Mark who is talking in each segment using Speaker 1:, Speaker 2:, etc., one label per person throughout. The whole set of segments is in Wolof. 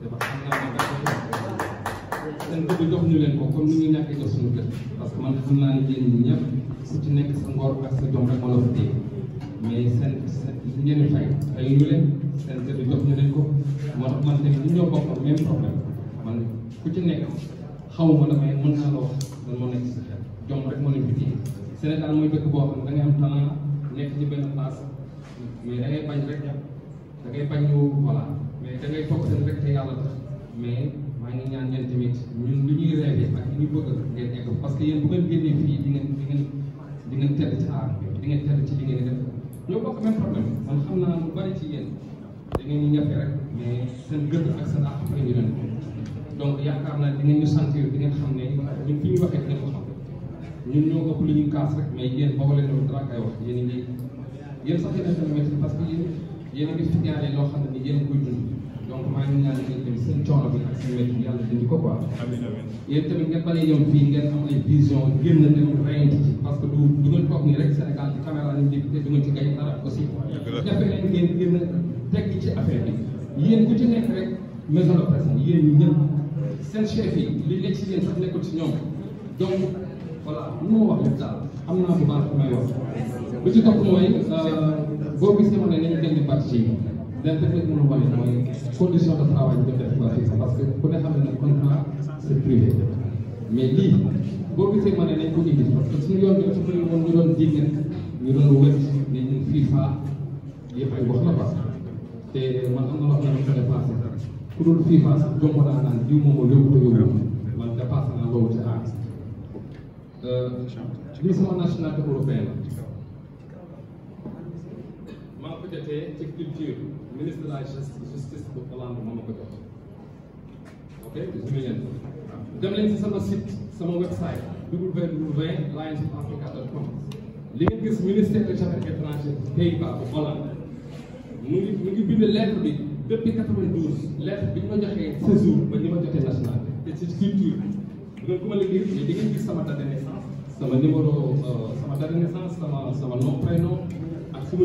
Speaker 1: dafa xam naa ne dafa ko comme ni ñu ñàkkee jox suñu kër parce que man xam naa ne yéen ñi ñëpp ku ci nekk sa ngor ak sa jom rek ma la fa téye mais seen seen ay ñu leen seen bëgg jox ñu leen ko moo tax man tamit ñu ñoo bokk même problème man ku ci nekk xaw ma damay mën naa la wax lan moo nekk sa xel jom rek moo leen fi téye Sénégal mooy dëkk boo xam ne da ngay am talent nekk ci benn place mais da ngay bañ rek da ngay bañ ñu voilà mais da ngay toog seen rek te yàlla mais maa ngi ñaan ñeen tamit ñun lu ñuy rêvé ak lu ñu bëgg ngeen egg parce que yéen bu ngeen génnee fii di ngeen di ngeen di ngeen tedd ci aar bi di ngeen tedd ci li ngeen def ñoo bokk man xam naa lu bari ci yéen da ngeen ñu ñafe rek mais seen gëdd ak seen àq fay ñu donc yaakaar naa di ngeen ñu sentir di ngeen xam ne ñun fi ñu waxee dinañ ko xam ñun ñoo ëpp lu rek mais yéen boo ko leen doon dara kay wax yéen a ngi sax yéen a métti parce que yéen yéen a ngi fi ñaaree loo xam donc maa ngi ñaan ngeen seen coono bi ak seen métti yàlla dindi ko quoi. amiin amiin yéen tamit ngeen bale ñoom fii ngeen am ay vision parce que du du ngeen toog nii rek Sénégal ci caméra lañ dégg te du ngeen ci gañ dara aussi. jafe leen ngeen génn tekki ci affaire bi yéen ku ci nekk rek maison de presse yéen ñu ñëpp yi li nekk ci yéen sax nekkul ci ñoom donc voilà lu ma wax lépp daal am naa bu baax may wax bu ci topp mooy euh, ne nañu génn parti yi lenn def mën a wane mooy condition de travail bi def def parce que ku ne xam ne nag contrat c'est privé mais lii boo gisee ma ne nañ ko indi parce que suñu yoon bi dafa bëri woon ñu doon wet ne ñun FIFA yëpp ay wax la quoi te man am na wax na ko dépassé ku dul FIFA sax jomb naa naan jiw moom moo yóbbu ko yóbbu man dépassé naa loolu ci aar lii euh, sama nationalité européenne la maa ko jotee ministre de la bu Hollande moo ma ko jox ok résumé leen dem leen si sama site sama website www lions of africa dot com li nga gis ministère des affaires bu Hollande mu ngi mu ngi bind lettre bi depuis 92 lettre bi ñu ma joxee séjour ba ñu ma jotee nationalité te ci culture bi nga ku ma liggéey mais di ngeen gis sama date de naissance sama numéro euh, sama date de naissance sama ak su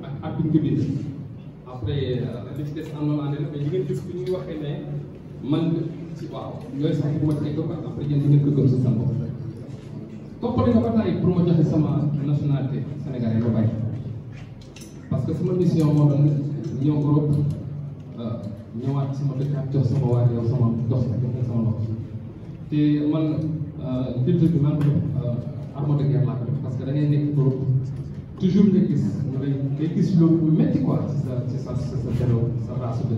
Speaker 1: ma ak at bi après li ci des am na maanaam mais li ngeen gis man ci yooyu sax bu ma teg ko après yéen ngeen ko gëm si sama bopp. toppale ma ba taay pour sama nationalité sénégalaise ba bàyyi parce que sama mission moo doon ñëw Europe euh, ñëwaat sama dëkkaat jox sama sama dox jox sama loxo te man filtre bi man Arma de Guerre laa ko def parce que da ngay nekk Europe day day gis loolu lu métti ci sa ci sa sa sa vélo sa race bi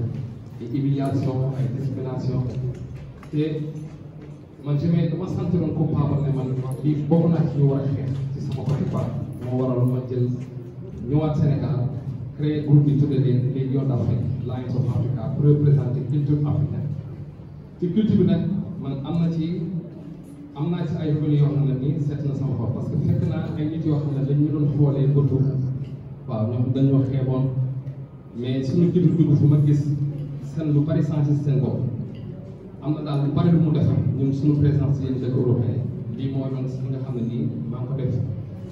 Speaker 1: ay humiliation ay discrimination te man jamais dama sentiroon ko Pape ne man lii bokk naa ci ñu war a xeex ci sama côté quoi moo waral ma jël ñëwaat Sénégal créé groupe bi tuddee les les Lions d'Afrique Lions of Africa pour représenter culture africaine ci culture bi nag man am na ci am naa ci ay yoo xam ne nii na sama bopp parce que fekk naa ay nit yoo xam ne dañ ñu doon xoolee bëtu waaw ñoom dañoo xeeboon mais suñu kilifa dugg fu ma gis seen lu bari changé seen bopp am na daal lu bari lu mu defar ñun suñu présence yéen dëkk européen lii mooy man si nga xam ne nii ko def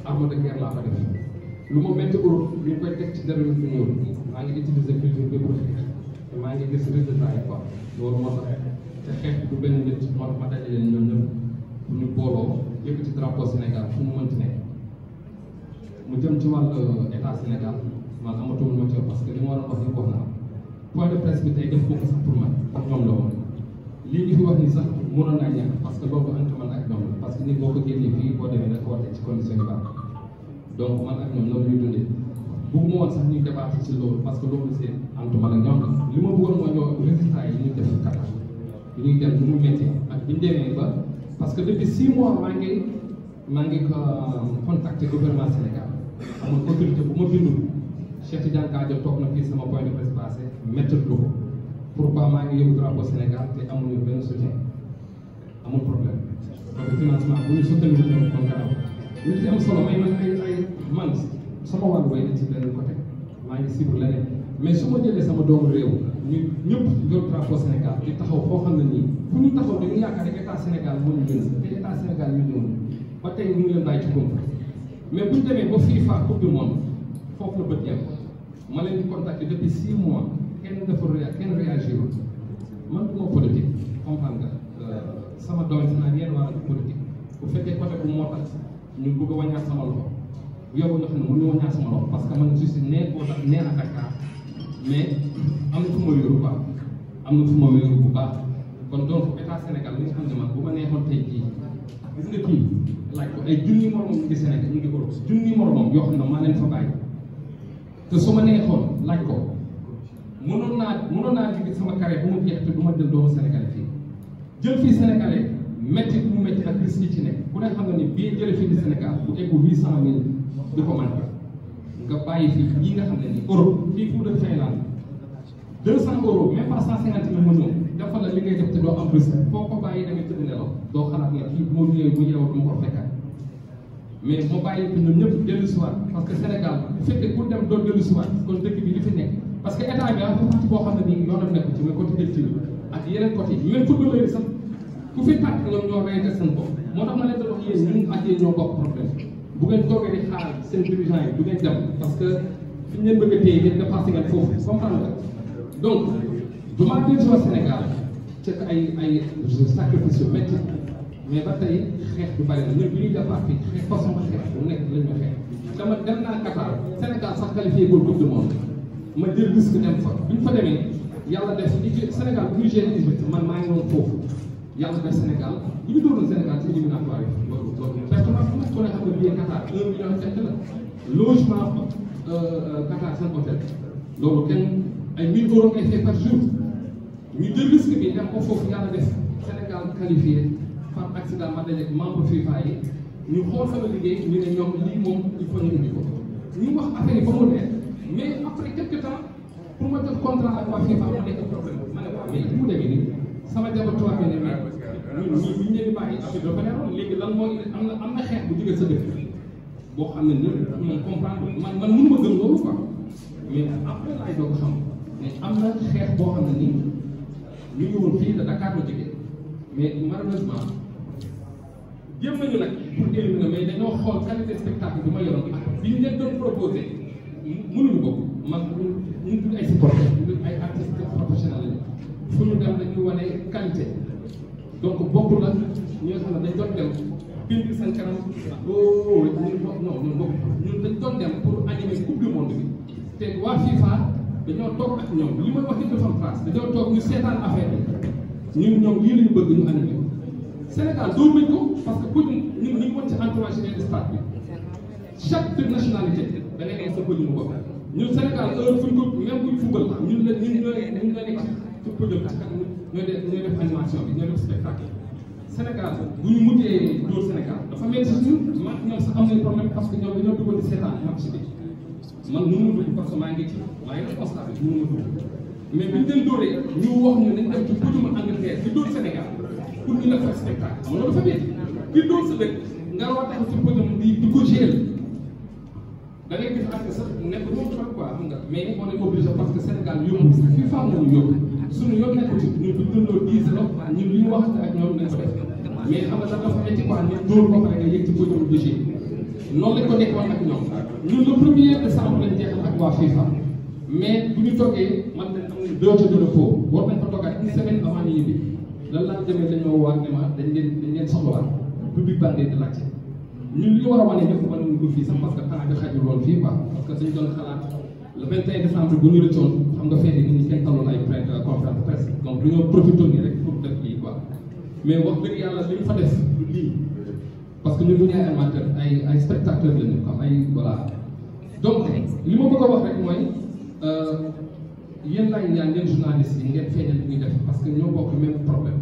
Speaker 1: arme de guerre laa ko def lu ma métti Europe ñu koy teg ci dara lu ñëw maa ngi utiliser culture bi pour xeex te maa ngi gis résultat yi quoi loolu moo tax te xeex du benn nit moo tax ma daje leen ñoom ñëpp ñu booloo yëkkati drapeau Sénégal fu mu mënti mu jëm ci wàllu état Sénégal man amatul ma coow parce que li ma waroon wax yëpp wax naa point de presse bi tey def ko sax wax ni sax mënoon naa ñàkk parce que boobu ante man ak ñoom parce que nit boo ko génnee fii boo demee nag ko waxee ci condition yu baax donc man ak ñoom loolu ñuy dundee bëgguma woon sax ñuy débattre ci loolu parce que loolu c'est ante man ak ñoom la li ma bëggoon mooy ñoo résultat yi ñu def kata ñu ngi dem ñu mu métti ak bi ñu demee parce que depuis six mois maa euh, amul autorité bu ma bindul Cheikh Tidiane Gadio toog na fii sama point de presse passé méthode lu ko maa ngi yóbbu drapeau Sénégal te amuñu benn soutien amul problème parce que am solo may man ay ay man sama ci benn côté maa ngi suivre leneen mais su ma jëlee sama doomu réew ñu ñëpp yor drapeau Sénégal di taxaw foo xam ne nii fu ñu taxaw dañu yaakaar ne état Sénégal ñu gën te état Sénégal ñu ñëw ba tey ñu ngi leen ci góob mais bu ñu demee ba FIFA coupe du monde foofu la bët yem ma leen di contacter depuis six mois kenn dafa kenn réagir man du ma politique comprendre nga euh, sama doole naa ngeen war a politique bu fekkee côté bu moo tax ñu bëgg a wàññaat sama loxo yow nga xam ne mënuñu wàññaat sama loxo parce que man juste nee koo tax nee na Dakar mais am na fu ma yóru baax am na fu ma yóru bu baax kon donc état Sénégal li nga xam ne man bu ma laaj ko ay junni moromam ci Sénégal ñu ngi Europe junni moromam yoo xam ne maa leen fa bàyyi te su ma neexoon laaj ko mënoon naa mënoon naa liggéey sama carré bu mu te ma jël doomu Sénégal fii jël fii Sénégalais métti mu métti ak risque yi ci nekk bàyyi fii ñii xam ne ni Europe la li ngay def te am bés foo ko bàyyi da nga tëdd nelaw doo xalaat ne kii moo ñëwee bu ñëwee du ma ko fekkaat mais moo bàyyi ko ñun ñëpp dellu si waat parce que Sénégal bu ku dem doon dellu si waat kon dëkk bi li fi nekk parce que état bi dafa parti boo xam ne nii yoonam nekk ci mais côté culture ak yeneen côté même footballeur yi sax ku fi tàkk ñoom ñoo reyante seen moo tax ma leen di wax yéen ñun ak yéen ñoo bokk problème bu ngeen toogee di xaar seen dirigeant yi du dem parce que fi ñu leen bëgg a téye foofu comprendre nga jumaa del si waa Sénégal ay ay sacrifice yu métti mais ba tey xeex bi bëri na ñun bi ñuy defar fii xeex façon xeex la ñu xeex dama dem naa Qatar Sénégal sax qualifié pour coupe du monde ma jël risque dem fa bi ñu fa demee yàlla def li Sénégal bu ñu génn man maa ngi woon foofu yàlla def Sénégal ñu ngi doon Sénégal ci éliminatoire yi loolu loolu parce que man ku nekk ku ne xam nga billet Qatar un million fekk ñu jël risque bi dem ko foofu yàlla def Sénégal qualifié par accident ma dajeeg membre FIFA yi ñu xool sama liggéey ñu ne ñoom lii moom il faut ñu indi ko ñu mu neex mais après quelque temps pour ma jot contrat ak waa FIFA mu nekk problème ma ne waa mais bu mu demee nii sama jabar tubaab bi ne mais ñun ñii bu ñu leen bàyyi affaire dafa neexoon léegi lan mooy am na am na xeex boo xam ne nii ma gëm loolu quoi mais am na xeex boo xam ne nii. ñu ngi woon fii de Dakar la jógee mais malheureusement jéem nañu nag pour éliminer mais dañoo xool qualité spectacle bi ma yoroon ak bi ñu leen doon proposé mënuñu ko man ñu ngi ay supporter ñu ay artistes professionnels lañu fu ñu dem dañuy wane qualité donc bokkul ak ñi nga xam ne dañ doon dem bind seen kanam oo oh, ñun non ñun bokkul ñun dañ doon dem pour animer coupe du monde bi te waa FIFA. dañoo toog ak ñoom li may wax yëpp dafa am place dañoo toog ñu seetaan affaire bi ñun ñoom lii lañu bëgg ñu animé Sénégal dóor nañ ko parce que pour ñun ñu ngi mën ci encouragé leen stade bi chaque nationalité da ngay am sa pëjum bopp ñun Sénégal heure fu ñu ko même buñ fubal ñun la ñun ñooy ñun la nekk ci pëjum ak ñooy def ñooy def animation bi ñooy def spectacle Sénégal bu ñu mujjee dóor Sénégal dafa mel ni ñun man ñoom sax am nañ problème parce que ñoom dañoo dugg di seetaan match bi man mënu ma dugg parce que maa ngi ci waaye responsable bi mënu ma dugg mais bu ñu leen dóoree ñu wax ñu nañ dem ci pëjuma Angleterre di dóor Sénégal pour ñu la fay spectacle xam nga ki dóor sa nga war a taxaw ci pëjum di di ko gérer da ngay nga mais on est obligé parce que Sénégal yomb FIFA moo yomb suñu yoon nekkul ci ñun bu ñu doon doon dix ans ñun li ñu wax ak ko def nga dafa métti quoi noonu lañ ko nekkoon ak ñoom ñun le premier décembre lañ jeexal ak waa FIFA mais bu ñu toggee man dañ am ne deux jours de repos war nañ ko toggaat une semaine avant ñu ñibbi lan laa demee dañ ma woo ne ma dañ leen dañ leen soxlawaat public bandee di laajte ñun li ñu war a wane ñëpp wane ko fii sax parce que temps bi xajul woon fii quoi parce que suñ doon xalaat le 21 décembre bu ñu rëccoon xam nga fee ni ñu kenn taloon ay pré euh, conférence presse donc dañoo profité nii rek pour def lii quoi mais wax dëgg yàlla li ñu fa def lii parce que ñun du ñu ay amateurs ay ay spectateurs la ñu xam ay voilà donc li ma bëgg a wax rek mooy euh, yéen laay ñaan yéen journalistes yi ngeen li ñuy def parce que ñoo bokk même problème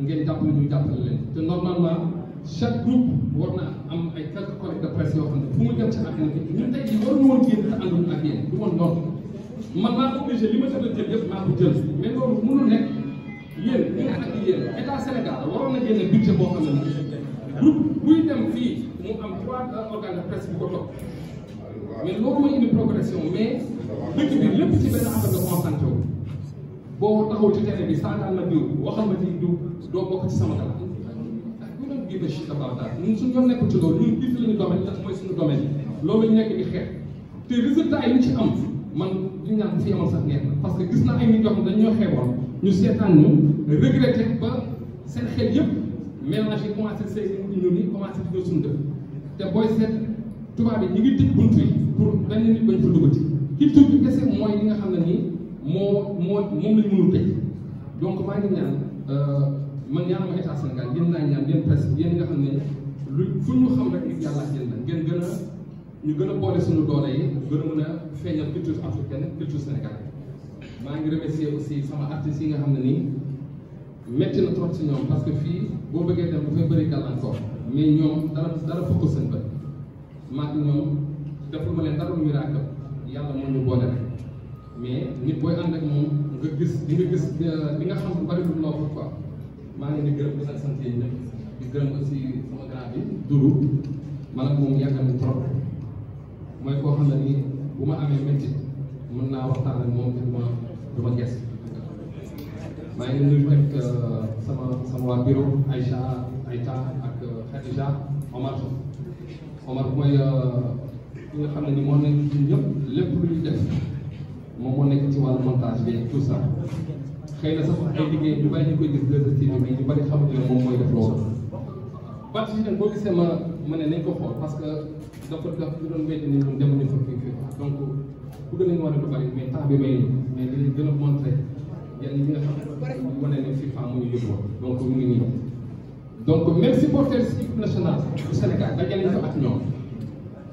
Speaker 1: ngeen jàppale ñu jàppale leen te normalement chaque groupe war na am ay quelques collègues de presse yoo xam ne fu mu jëm ci àddina bi war na woon génn te àndul ak yéen du woon noonu ko obligé li ma jot a jël yëpp maa ko jël mais loolu mënul nekk yéen ñun ak yéen état Sénégal waroon na génne budget boo groupe buy dem fii mu am trois organes de presse bu ko topp mais loolu mooy indi progression mais dëkk bi lépp ci benn affaire nga concentré wu boo taxaw ci télé bi saagaan na diw waxal ma di diw doo bokk ci sama kala bu doon gis ne shit about that ñun suñu yoon nekkul ci loolu ñun gis lañu domaine ndax mooy suñu domaine loolu lañu nekk di xeex te résultat yi ñu ci am man li ñaan bu fi amal sax neex na parce que gis na ay nit yoo xam dañ ñoo xeeboon ñu seetaan ñu regretté ba seen ménage yi commencé say ñun ñi commencé di ko suñu te booy seet tubaab yi ñu ngi tëj buntu yi pour benn nit bañ fa duggati culture bi kese mooy li nga xam ne nii moo moo moom lañ mënul tëj donc maa ngi ñaan euh, man ñaan ma état Sénégal yéen naa ñaan yéen presse yéen nga xam ne lu fu ñu xam rek nit yàlla ak yéen la ngeen gën a ñu gën a boole suñu doole yi gën a mën a feeñal culture africaine culture sénégalaise maa ngi remercier aussi sama artistes yi nga xam ne nii métti na trop ci ñoom parce que fii boo bëggee dem dafay bëri gàllankoor mais ñoom dara dara fokk seen bët maag ñoom deful ma leen dara lu miracle yàlla moo mais nit booy nga gis di nga gis li nga xam bari lu loo ko quoi maa ngi leen gërëm di leen sant yéen ñëpp di gërëm aussi sama grand bi Doudou man ak moom yàgg trop mooy koo xam ne nii bu ma amee métti mën naa waxtaan ak moom te du ma du ma maa ngi nuyu nag sama sama waa bureau Aïcha Aïcha ak Khadija Omar Omar mooy euh, ki nga xam ne ni moo nekk ci ñëpp lépp lu ñu def moom moo nekk ci wàllu montage bi tout ça xëy na sax ay liggéey ñu bari ñu koy gis 2STV bi ñu bari xamuñu ne moom mooy def loolu. parce que boo gisee ma ma ne nañ ko xool parce que dafa dafa doon métti ni ñun demuñu fa fii donc ku gën a war a du bari mais temps bi may mais dinañ gën a montré. yenn yi nga xam ne ba pare ñu wane ne FIFA muy mu ngi nii donc même supporters équipe nationale du Sénégal dajale ñu ak ñoom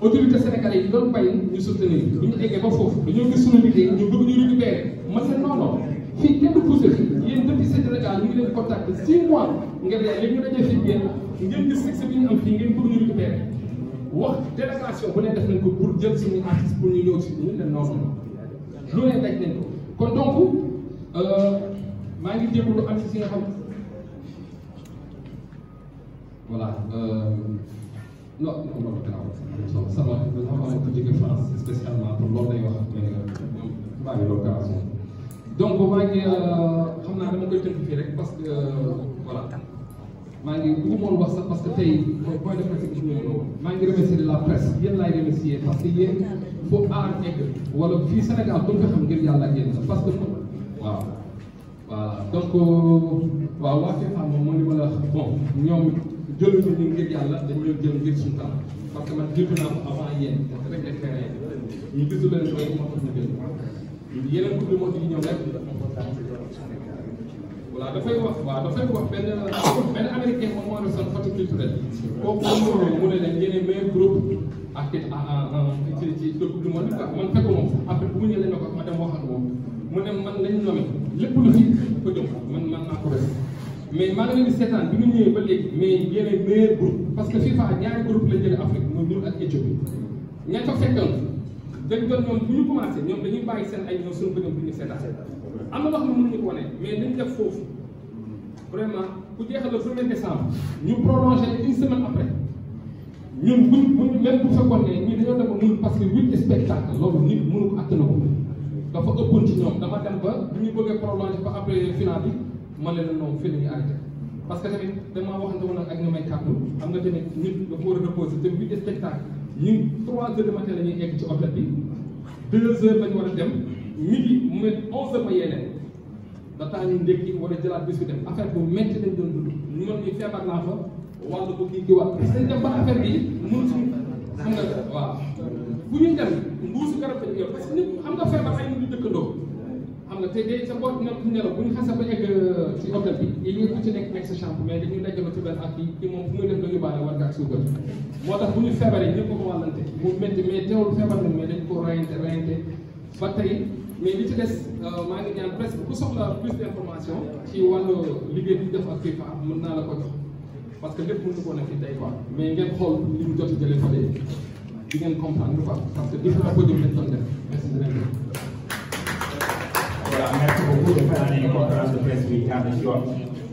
Speaker 1: autorité sénégalais yi doon bay ñu soutenir bu ñu eggee ba foofu dañoo gis suñu liggéey ñu bëgg ñu récupérer ma seen noonu fii kenn poussé fi de depuis seen Sénégal ñu ngi leen contacté six mois nga dee li ñu dajee fii yéen ngeen gis succès bi ñu am fii ngeen bëgg ñu récupérer wax délégation ne def nañ ko pour jël suñu artiste pour ñu ne daj nañ ko Euh, maa ngi jéem lu am ci si nga xam voilà euh, non non non non sama sama ko jóge France spécialement pour loolu lay wax maa ngi loolu garaas moom donc maa ngi euh, xam naa dama koy tënk fii rek parce que voilà maa ngi bëgg moon wax sax parce que tey mooy point de presse bi maa ngi remercier la presse yéen laay remercier parce que yéen foo aar nekk wala fii Sénégal bu nga xam ngir yàlla ak yéen parce que. waaw voilà donc waaw waa FIFA moom moo ni ma la bon ñoom jëluñu ñu ngir yàlla dañ ñoo jël ngir suñu temps parce que man jiitu naa ko avant yéen rek les terrains ñu gisu leen rek moo tax ñu jël yeneen coupe du monde yi ñëw rek voilà dafay wax waaw dafay wax benn benn américain moom moo def seen photo culturel kooku moom mu ne leen yéen meilleur groupe ak ci ci coupe du monde quoi man fekk moom après bu mu ñëwee ne ko ma dem waxal moom mu ne man nañ ñoom lépp lu fi ko jox man man naa ko def mais maa ngi seetaan bi ñu ñëwee ba léegi mais yeneen meilleur groupe parce que FIFA ñaari groupe lañ jëlee Afrique mooy ñun ak Éthiopie ña fa fekkoon bu ñu commencé ñoom dañuy bàyyi seen ay ñoom seen bëgëm ko wane mais nañ def foofu vraiment ku jeexal le premier décembre ñu prolongé une semaine après ñun buñ buñ même bu fekkoon ne ñun dañoo demoon que huit spectacle loolu nit dafa ëppoon ci ñoom dama dem ba bu ñu bëggee prolongé ko après final bi ma leen noonu fii la ñuy parce que tamit damaa waxante xam nga tamit nit dafa war a reposé te bu spectacle ñun trois de matin la ñuy egg ci hôtel bi deux heures la war a dem midi mu met onze heures ba yeneen da taa ñu ndékki war a jëlaat bis bi dem affaire bu métti lañ doon dund ñu mën ñu feebar fa wàllu ko kii kii wax dañ dem ba affaire bi
Speaker 2: mënut xam
Speaker 1: nga waaw bu ñuy dem mbuusu garab lañ que nit xam nga feebar ay nit ñu dëkkandoo xam nga te day sa bopp bu ñu xasee ba euh, ci hôpital bi il faut ku ci nekk nekk sa chambre mais dañuy dajale ci benn ak yi ci moom fu muy dañu baale war nga ak suukar moo tax bu ñu feebaree ñëpp ko ko wàllante mu métti mais teewul feebar na mais dañ ko rayante rayante ba tey mais euh, maa ngi ñaan presque ku soxla plus d' information ci wàllu liggéey bi def ak FIFA ah, naa la ko jox que lépp mënu ko nekk mais ngeen xool li di ngeen comprendre quoi parce que il faut que ñu leen doon def merci beaucoup. voilà merci beaucoup defe naa ne conférence de presse bi jaar na ci yoon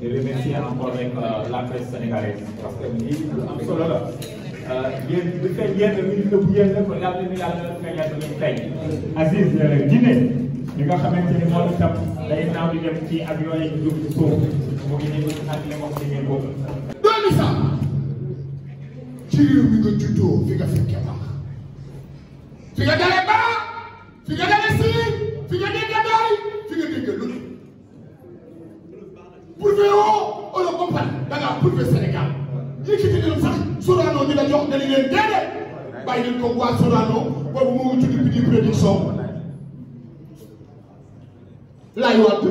Speaker 1: di remercier encore rek euh, la presse sénégalaise parce que lii lu am solo la.
Speaker 3: yéen bu fekkee yéen ministre bu yéen la ko yàlla na yàlla na yàlla na tey Aziz Dine euh, li nga xamante ni moo itam day naaw di dem ci avion yi ñu dugg ci suuf mu ngi nii ñu naan leen wax ci ngeen boobu. doomi sax ci réew mi nga juddoo fi nga fekkee fi nga dalee baa fi nga dalee sii fi nga dégg doy fi nga dégg lu ne prouvé woo on le comprend da ngaa prouvé Sénégal yëkkati leen sax Sorano ñu la jox dañu leen déedéet bàyyi leen ko waa Sorano boobu moo ngi tudd bi di prédiction laay waat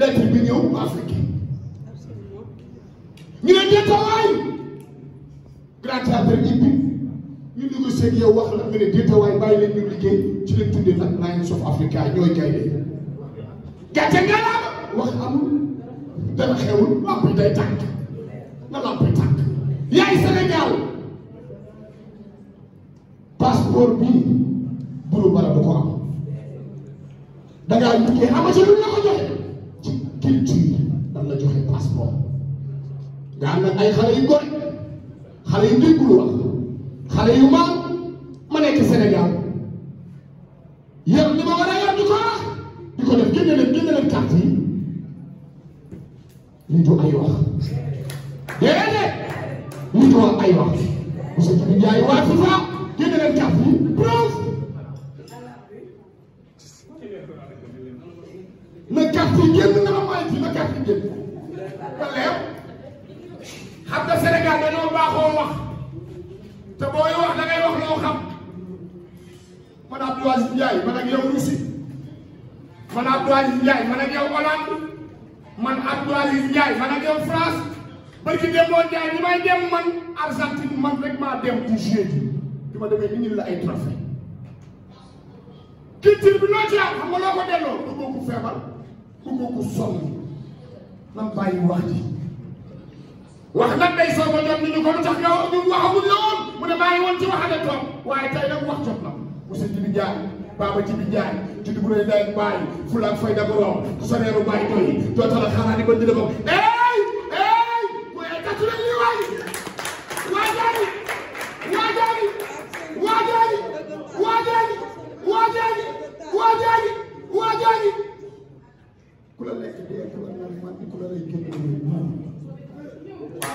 Speaker 3: lettre bi ñëw Afrique ñu ne déetawaay grand théâtre ñibbi ñu dugg seeg wax la nga ne déeta waay leen ñu liggéey ci leen tuddee nag of Africa ñooy gaynde gàcce nga la wax amul dara xewul lamp yi day tànk na lamp yi tànk yaay Sénégal passeport bii bulu bara du ko am dangaa liggéey ama ci lu la ko joxe ci culture dan la joxe nga ay xale yu góor xale yu déggul wax yu ma ma nekk Sénégal yor li ma war a yor di ko wax di ko def génne leen génne leen carte yi lii du ay wax déedéet lii du ay wax monsieur Djibi Ndiaye waa FIFA génne leen carte yi preuve na carte yi génn na ma mooy ci na carte yi génn ba leer xam nga Sénégal dañoo baaxoo wax. te booy wax da ngay wax loo xam man Abdou Aziz Ndiaye man ak yow Russie man Abdou Aziz Ndiaye man ak yow Hollande man Abdou Aziz Ndiaye man ak yow France barki Demba Ndiaye ni may dem man Argentine man rek maa dem ci juillet bi ma demee ni la ay trophée culture bi noo ci am xam nga loo ko delloo bëggoo ko feebar bëggoo ko sonn nan wax nag day soog a jot ni ñu ko lu tax wax ñun waxagul yoon mu ne maa ngi woon ci waxale toog waaye tey nag wax jot na monsieur Jibi Ndiaye Baba Jibi Ndiaye ci dugub lay day mbaay fulaak fay da borom soneeru mbaay koy dootal ak xanaa ni ko jëlee ko ey ey waaye kàttu nañ lii waay waajaani waajaani waajaani waajaani waajaani waajaani waajaani ku la lekk dee ku la naan man ku la lay génn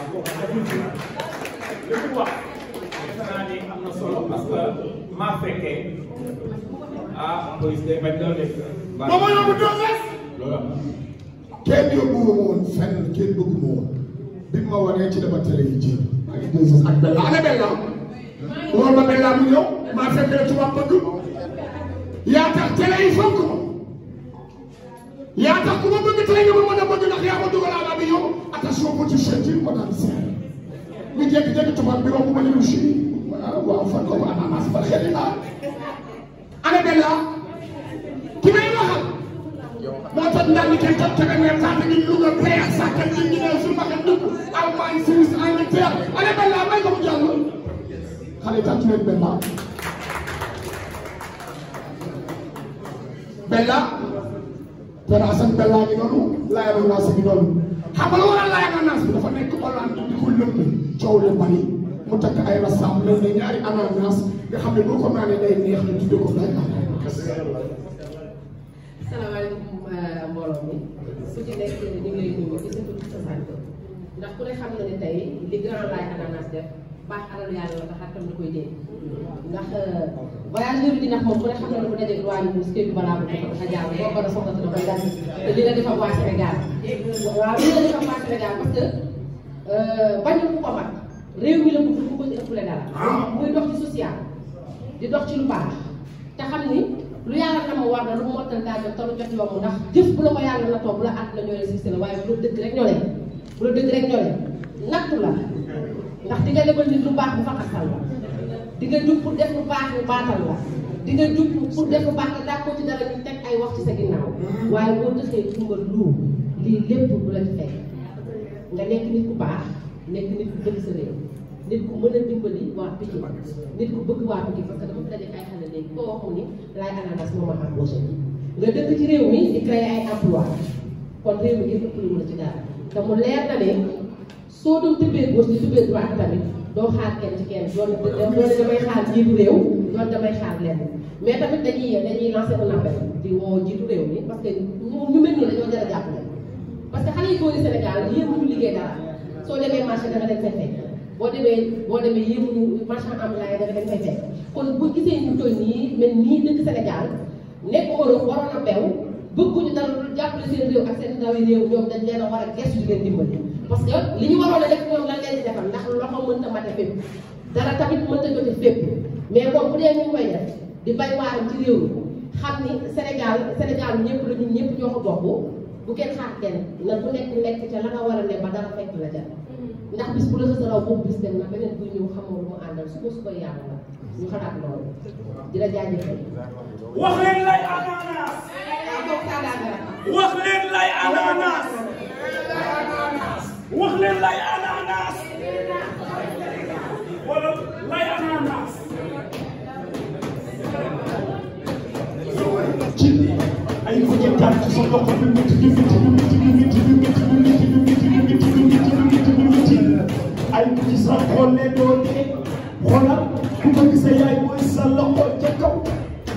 Speaker 3: li mu wax defe naa ni am na solo parce que maa fekkee ah police day bañ doon nekk. ba ma yóbbu Dorses. loolu am kenn yóbbu ma woon fenn kenn bëggu ma woon bi ci dama bëgg yaa tax télé yi fonk ma tax ku ma bëgg télé yi ma mën a bëgg ndax yaa ma dugal àll bi yow. mu ci chef yi mu daan seer mu jékki-jékki tubaab bi romb ma ne si waaw fan ko waa ananas ba xel yi ah ana Bella ki may waxal moo tax ndax ñu koy jot tamit mais tax nañu Louga PR Sakkan ak ñu ne suñu mbokku dugg Allemagne Suisse Angleterre ana Bella may ko mu jàll xale yi tàcc leen Bella Bella Père Assane Bella ngi noonu Laye Roulase ngi noonu. xam nga lu war a laaj ananas dafa nekk Hollande di ko lëmb coow la bari mu takk ay rassam mel ne ñaari ananas nga xam ne boo ko naanee day neex ñu tuddee ko day am.
Speaker 2: salaamaaleykum euh, mbooloo mi su ci nekk ñu ngi lay nuyu ci sa tur sa sant ndax ku ne xam na ne tey li grand laay ananas def. baax alalu yàlla la taxaar tam koy dee ndax euh, voyageur bi nag moom ku ne xam na ne bu dajeg waa ñu mos kéydu balaa bu def dafa jaar boo ko a soxla si dafay dal te li la defam waa Sénégal waaw li la defam waa Sénégal parce que euh, bañu ku ko mag réew mi la bëgg bu ko ci ëppale dara muy dox di dox ci lu baax te xam ni lu yàlla na war na lu mu mottal daa jot te lu jot yomb ndax jëf bu na toog bu la àdduna ñoo leen si la waaye bu la dëgg rek ñoo leen bu la dëgg rek ñoo ndax di nga lebal nit lu baax bu fakkasal la di nga jub pour def lu baax bu baatal la di nga jub pour def lu baax i daa ko ci dara ñu teg ay wax ci sa ginnaaw waaye boo dëxee tuumal lu lii lépp du la ci nekk nit baax nekk nit ku bëgg sa réew nit ku mën a dimbali waa picc nit ku bëgg waa picc parce que dafa daje ay xale léegi koo waxu ni laay ananas moo ma embauché nga dëkk ci réew mi di créer ay emploi kon réew mi gën ëpp lu mën a ci dara te leer na soo doon tëbbee gauche di tëbbee droite tamit doo xaar kenn ci kenn loolu xaar jiitu réew loolu damay xaar lenn mais tamit dañuy dañuy lancer un di woo jiitu réew mi parce que ñu mel nii parce que xale yu góor soo demee marché danga leen boo demee boo demee yéen ñu marchand ambulant yi danga leen fay fekk kon bu gisee ñu toll nii mel nii dëkk Sénégal nekk Europe waroon a bew bëgguñu dara jàppale seen réew ak seen ndaw yi réew ñoom dañ leen a war a gestu leen dimbali parce que li ñu waroon a def ñoom lan ngeen di defal ndax loxo mënta mate fépp dara tamit mënta jote fépp mais kon bu dee ñu koy def di bay waaram ci réew mi xam ni Sénégal Sénégal ñëpp la ñun ñëpp ñoo ko bokk bu kenn xaar kenn na ku nekk nekk ca la nga war a ne ba dara fekk la jar ndax bis bu la sa raw boobu bis dem na beneen buy ñëw xamoo mu àndal su ko su koy yàlla la ñu xalaat loolu di la jaajëfal wax wax leen lay ananas
Speaker 3: wax leen lay ananas wala lay ananas ci
Speaker 2: ay ko ci tànk sa loxo bi métti bi métti
Speaker 3: bi métti bi métti bi métti bi métti bi métti bi métti bi métti bi métti bi métti ay ci sa xoolee doo dee xoolal ku bëgg sa yaay mooy sa loxo ca kaw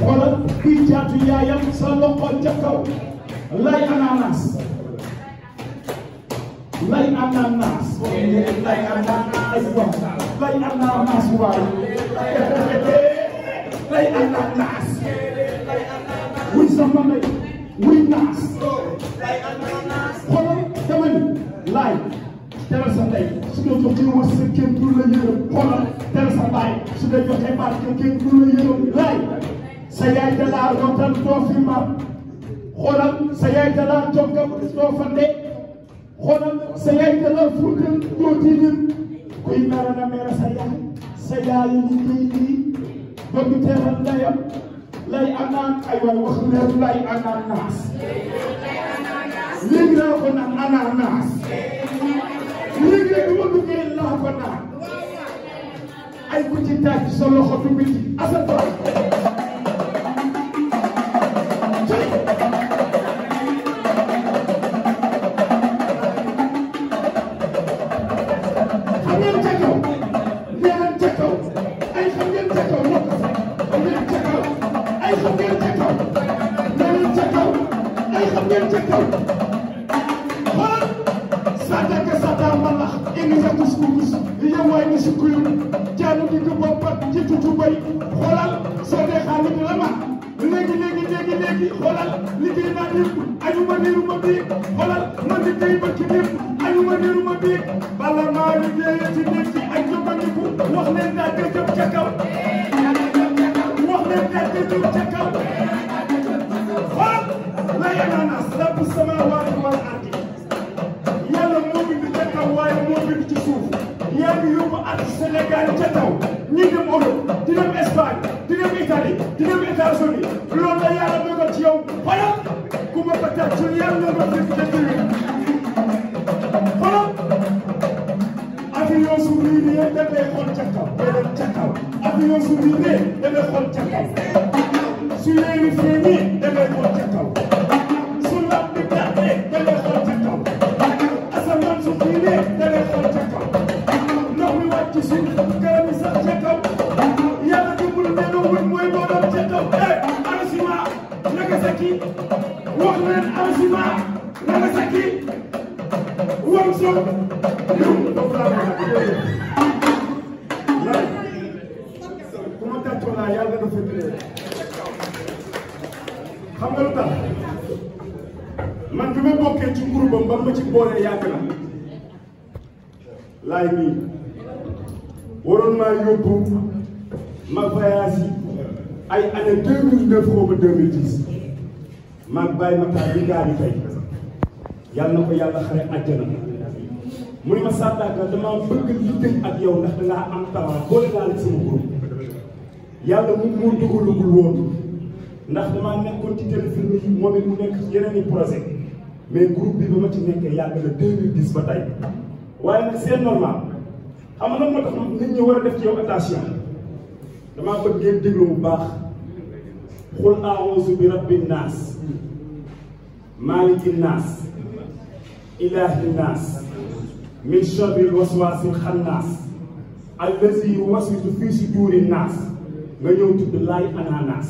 Speaker 3: xoolal kuy jaatu yaayam lay ananas lay am naa naas lay am naa naas lay am naa naas waay lay am naa naas wuy sama may wuy naas xoolal dama ni laay teral sa ndey su dee joxee wës sa kenn du la yërëm xoolal teral sa baay su dee joxee baat kenn du la yërëm sa yaay dalaa rotal doo fi mar xoolal sa yaay dalaa jokkam doo fa ndee xoolal sa yaay da kuy mara na mera sa yaay sa li lii lii bëgg teeral ndeyam lay anaan ay wax leer lay anaan naas léegi laa ko naan naas léegi la duma naan ay ku ci tàcc sa loxo du biti asal sama man bi ma bokkee ci groupe ba ma ci boolee yàgg na laay nii waroon naa yóbbu ma voyage yi ay année deux mille neuf ba deux mille dix maag bàyyi ma taal bi gaari tey yàlla na ko yàlla xare àjjana mu ne ma sàddaaka damaa bëgg liggéey ak yow ndax dangaa am talent boole naa la sama groupe yàlla mu moo dugalagul woon ndax damaa nekkoon ci téléfilm yi moom it mu nekk yeneen i projet mais groupe bi ba ma ci nekkee yàgg na 2010 ba tey waaye nag c'est normal xam nga moo tax war a def ci yow attention damaa bëgg ngeen déglu bu baax xul a'uuzu bi rabbi naas maaliki naas ilaahi naas min sharri waswaasil xannaas allazi yuwaswisu fii suduuri naas nga ñëw tudd laay anaanaas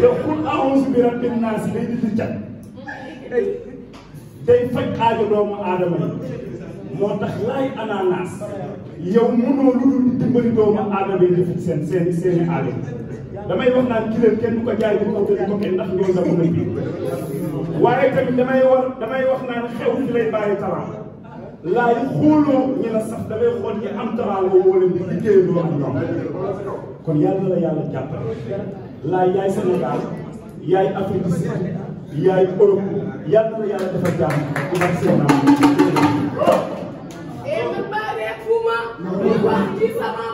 Speaker 3: te xul aawusu bi rabbin naas day dindi cat day faj aajo doomu aadama yi moo tax laay ananas yow mënoo lu dul dimbali doomu aadama yi def seen seen seen i aajo damay wax naan kii leen kenn du ko jaay du ko wutali ko kenn ndax ñoom la mën a wax naan xew ci lay bàyyi laay xooloo ñu ne sax damay xool ñu am talent boobu wala ñu liggéeyandoo ak ñoom kon yàlla na la yàlla jàppale laay yaay Sénégal yaay Afrique du yaay Europe yàlla na la yàlla dafa jàmm di wax seen am.
Speaker 2: et man maa nekk fu ma. wax ci sama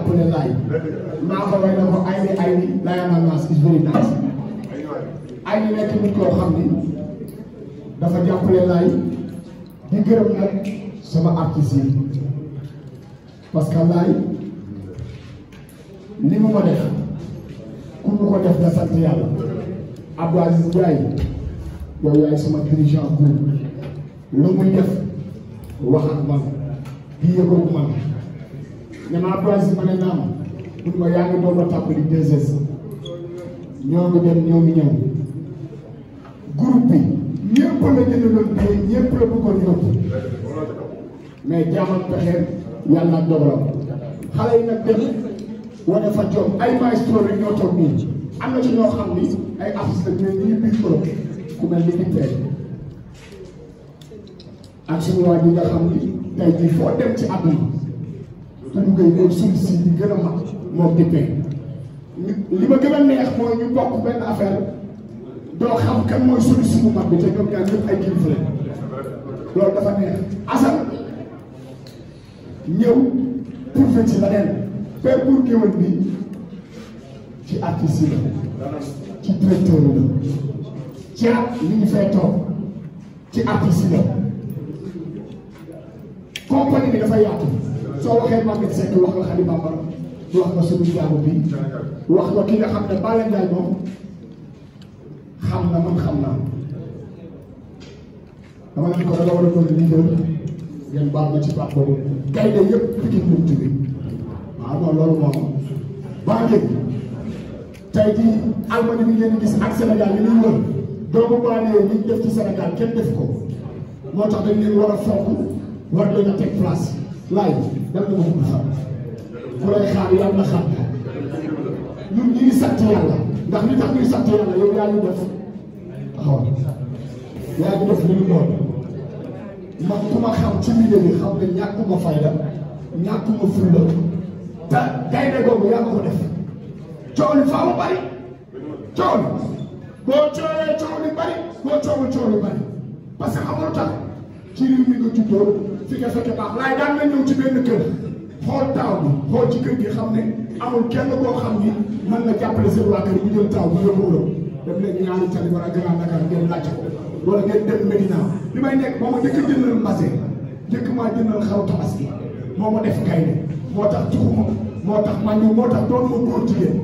Speaker 3: jàppale laay maa ko way na ko ay ni ay ni laay na naas is very koo xam ni dafa jàppale laay di gërëm nag sama artiste yi parce que laay li mu ma def ku mu ko def nga sant yàlla Abdou Aziz Ndiaye yow yaay sama dirigeant groupe lu muy def wax ak man di yëgoog man ne ma Abdoulaye ma ne naam mun ma yaa ngi doog a tàmbali 2S ñoo ngi dem ñoo ngi ñëw groupe bi ñëpp la jëndaloon tey ñëpp la bëggoon yóbbu mais jaam ak pexeem yàlla ak dogalam xale fa jom ay maestro rek ñoo toog nii am na ci ñoo xam ni ay artistes mais ñuy biir trop ku mel ni biir tey ak suñu xam ni tey jii dem ci àdduna Doudou Gueye day sub si bi gën mag moom Pépé li ma gën a neex mooy ñu bokk benn affaire doo xam kan mooy solution bu mag bi te ñoom ñaar ñëpp ay kilifa dafa neex asal ñëw pour ci la leen père pour bi ci artiste yi ci directeur yi la ci at li ñu toog ci artiste yi la compagnie bi dafa yaatu soo waxee Maguette wax nga Xadi Bambara wax nga suñu jaamu bi wax nga ki nga xam ne Balla Ndiaye moom xam na man xam naa dama ne ko da nga war a doon leader ngeen baal ma ci baax boobu gaynde yëpp Pikine mu jóge waaw non loolu moom baa ngeen tey jii Almadies bi ngeen gis ak Sénégal li ñuy wër doomu baane yi ñu def ci Sénégal kenn def ko moo tax dañ leen war a fonk war leen a teg laay yàlla na ma ko sax ku lay xaar yàlla na xaar ñun ñu ngi sant yàlla ndax li tax ñuy sant yàlla yow yaa ngi def taxawal yaa ngi def lu mu doon man ku ma xam ci milieu bi xam ne ñàkkuma fayda ñàkkuma fulla te day ne googu yaa ma ko def coow li faaw bari coow li boo coowee coow li bari boo coowul coow li bari parce que xam nga lu tax ci réew mi nga juddoo fi nga fekke baax laay daan na ñëw ci benn kër xool taaw bi xool ci kër gi xam ne amul kenn koo xam ni mën na jàppale seen waa kër bu jël taaw bu yóbbu wóoram dem leen ñaari tali wala Grand Dakar ngeen laaj ko wala ngeen dem Medina li may nekk moo a jëndal mbase njëkk maa jëndal xaw tabaski moo ma def gaynde moo tax juxuma moo tax man moo tax doon ma góor jigéen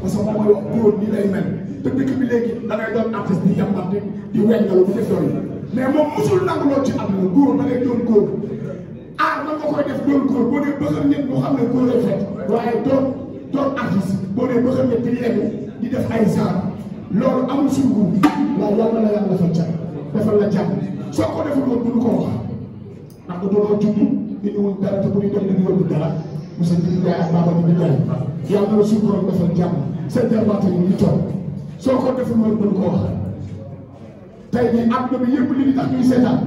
Speaker 3: parce que moo may wax góor nii lay mel te dëkk bi léegi da ngay doon artiste di yàmbat di wéññal bu def doon mais moom musul nangu lool ci àdduna góor na ngay doon góor aar ah, na nga koy def doon góor boo dee bëgg nit mu xam ne góor ay fet waaye doon doon boo dee bëgg nit di yegg di def ay genre na la yàlla defal jàmm defal ko defal woon duñu ko te yi ñu toog soo ko defal woon duñu ko wax tey jii àdduna bi yëpp li ñu tax ñuy seetaan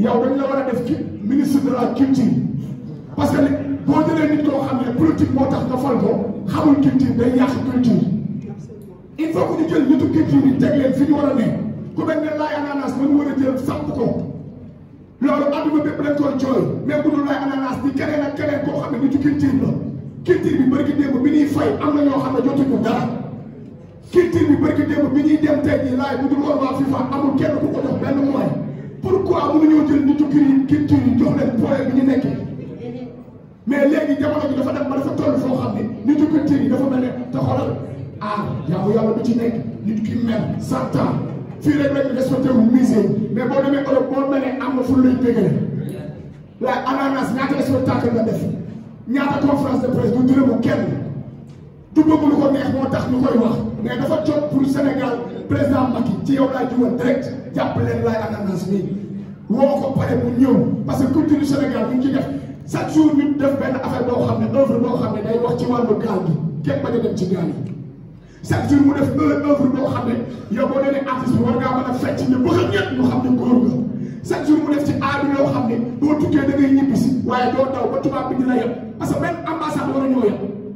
Speaker 3: yow dañ la war a def ci ministre de la culture parce que boo jëlee nit koo xam ne politique moo tax nga fal ko xamul culture day yàq culture il faut que ñu jël nitu culture yi teg fi ñu war a ne ku mel ne laay ananas ba ñu war a jël samp ko loolu àdduna bépp dañ koy jooy mais bu dul laay ananas di keneen ak keneen koo xam ne nitu culture la culture bi bari ki démb bi ñuy fay am na ñoo xam ne jotuñu filtre bi bëgg démb bi ñuy dem tey jii laay bu dul woon waa FIFA amul kenn ku ko jox benn moyen pourquoi mënuñoo jël nitu ñu nekkee mais léegi jamono bi ne nitu yi dafa mel ne te xoolal ah ci nekk nit ki mel cent ans fii rek lañu respecté wu musée mais boo demee Europe boo mel ne am na fu luy bégale waaye ananas ñaata spectacle de presse du dërëmu kenn du bëgg lu ko neex moo tax ñu koy wax. mais dafa jot pour Sénégal président Macky ci yow laay jiwoon direct jàppaleen laay attendance nii woo ko pare mu ñëw parce que culture Sénégal bu ñu ci def chaque jour ñu def benn affaire boo xam ne œuvre boo xam ne day wax ci wàllu gaal gi kenn bañ a dem ci gaal yi mu def œuvre boo xam ne yow boo nee ne artiste bi war ngaa mën a fecc ñu bëgg a ñett ñu xam ne góor nga chaque mu def ci aar bi loo xam ne boo tukkee da ngay ñibbisi waaye doo daw que